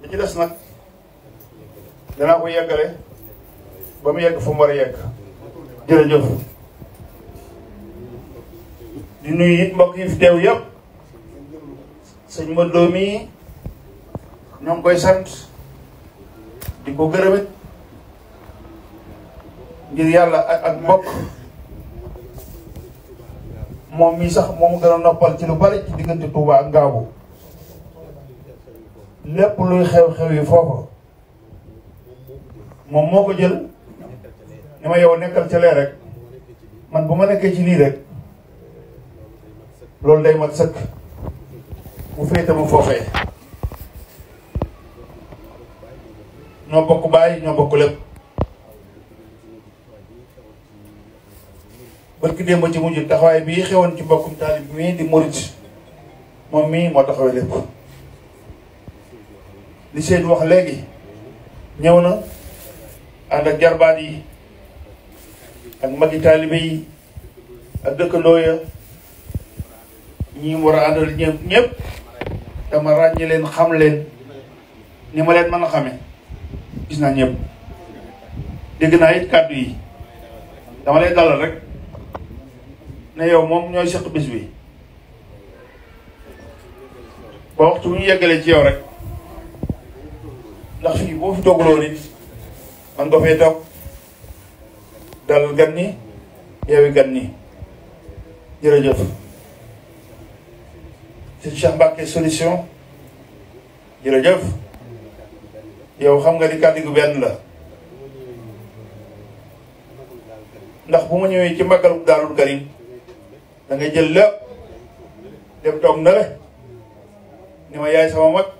li ci nak, nag danaa ko yeggale ba mu yegg fu mu war di nuyu it mbokk yi fi teew yëpp sëñ Modou mii koy sant di ko gërëmit ngir yàlla ak ak mbokk moom mii sax moom gën a noppal ci lu bari ci Touba ak lépp luy xew-xew yi foofu moom moo ko jël ni ma yow nekkal ca rek man bu ma nekkee ci lii rek loolu day mat sëkk mu féete ma foofee ñoo bokk bàyyi ñoo bokk lépp barki démb ci mujj taxawaay bii xewoon ci mbokkum taalib mii di murit moom mii moo taxawee lépp li seen wax léegi ñëw na ànd ak jarbaat yi ak magi taalibe yi ak dëkkandoo ya ñi war a àndal ñëpp ñëpp dama ràññi leen xam leen ni ma leen mën a xame gis naa ñëpp dégg naa it kàddu yi dama lay dalal rek ne yow moom ñooy seq bis bi ba waxtu bu ñu yeggalee ci yow rek ndax fii boo fi toogaloo nit man nga fay toog dalal gan ñi yeewi gan ñi jërëjëf sëñ Cheikh Mbacke solution jërëjëf yow xam nga ni kàddu gu benn la ndax bu ma ñëwee ci màggalu Daarul Karim da ngay jël lépp dem toog na le ma yaay sama mag